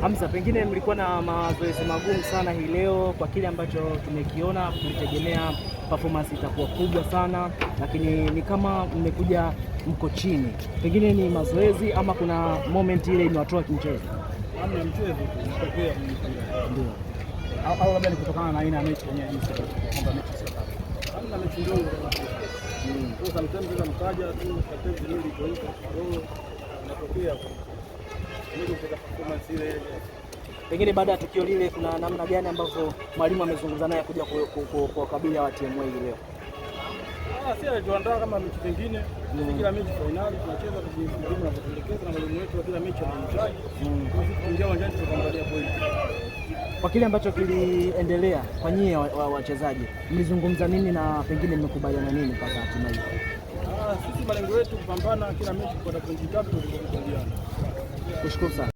Hamza, pengine mlikuwa na mazoezi magumu sana hii leo kwa kile ambacho tumekiona. Tulitegemea performance itakuwa kubwa sana, lakini ni kama mmekuja mko chini, pengine ni mazoezi ama kuna moment ile imewatoa kimchezo? Pengine baada ya tukio lile, kuna namna gani ambavyo mwalimu amezungumza naye kuja kuwakabili hawa timu hii leo? Ah, si alituandaa kama mechi zingine, mm. kila mechi fainali tunacheza tunavyotelekeza, na mwalimu wetu wa kila mechi anamtaji mm. kuingia uwanjani tukaangalia pointi. Kwa kile ambacho kiliendelea kwa nyie wachezaji, mlizungumza nini na pengine mmekubaliana nini mpaka hatimaye? Ah, sisi malengo yetu kupambana kila mechi kupata pointi tatu, tulikubaliana Vou escutar.